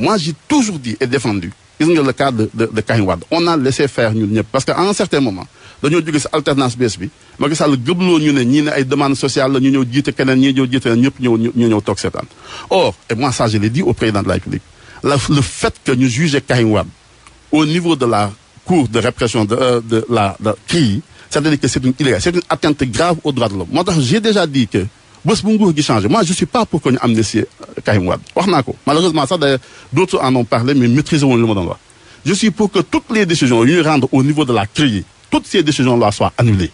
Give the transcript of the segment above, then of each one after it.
Moi, j'ai toujours dit et défendu. Ils ont le cas de, de, de On a laissé faire nous, parce qu'à un certain moment, dañoo jóge si alternance bees bi Macky Sall gëmloo ñu ne ñii ne ay demande sociale la ñu ñëw jiite keneen ñii ñëw jiite ñëpp ñëw ñu ñëw toog seetaan or et moi ça je l'ai dit au président de la République la le fait que ñu juge Karim Wade au niveau de la cour de répression de euh, de la de CREI c'est-à-dire que une illégalité c'est une atteinte grave aux droits de l'homme moo tax j'ai déjà dit bés bu nguur gi changé moi je suis pas pour que ñu amnistie euh, Karim Wade malheureusement sax d'autres en ont parlé mais maîtriser woon li ma doon wax je suis pour que toutes les décisions yu ñu rendre au niveau de la CREI toutes ces décisions là soient annulées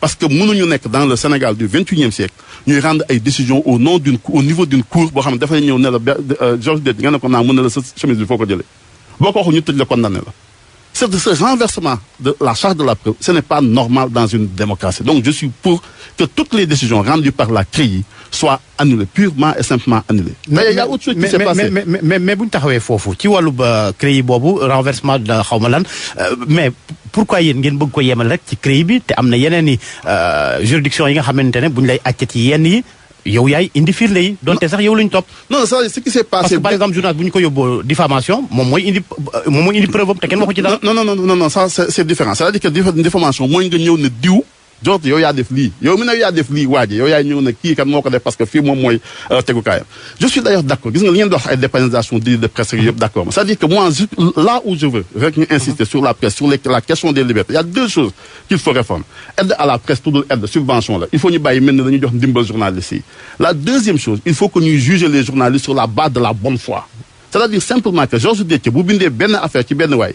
parce que mënuñu nekk dans le Sénégal du vingt unième siècle ñuy rendre ay décisions au nom d'une au niveau d'une cour boo xam ne ne la euh, Georges Dédé nga la c'est de ce renversement de la charge de la preuve ce n'est pas normal dans une démocratie donc je suis pour que toutes les décisions rendues par la CREI soient annulées purement et simplement annulées mais il y a autre chose qui s'est passé mais mais bu ñu euh, renversement de xaw ma euh, mais pourquoi yéen ngeen bëgg ko yemal rek ci CREI bi te am na yeneen i euh, juridiction yi nga xamante ne bu ñu lay àcc ci yenn yow yaay indi firnde yi donte sax yow lañ topp. non ça ce qui s'est passé. par exemple journaliste bu ñu ko yóbboo diffamation moom mooy indi preuve am te kenn waxu ci dara. non non non c'est différent c'est-à-dire que diffamation mooy nga ñëw ne diw. jort yow yaa def lii yow mi ne yaa def lii waaje yow yaa ñëw ne kii kan moo ko def parce que fii moom mooy euh, tegukaayam je suis d'ailleurs d'accord gis nga li ngeen dox ay dépénalisation délit de presse yëpp d'accord c'est-à-dire que moi là où je veux rek ñu insister sur la presse sur les la question des libertés il y a deux choses qu'il faut réformer aide à la presse tuddul aide subvention la il faut ñu bàyyi mel ne dañuy jox ndimbal journalistes yi la deuxième chose il faut que ñuy juger les journalistes sur la base de la bonne foi c'est-à-dire simplement que Georges Déthié bu bindee benn affaire ci benn waay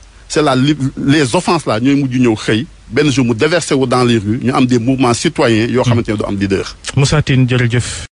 c'est là les offenses la ñooy mujj ñëw xëy benn jour mu déversé wu dans les rues ñu am des mouvements citoyens yoo hmm. xamante ne du am leader. Moussa Tine jërëjëf.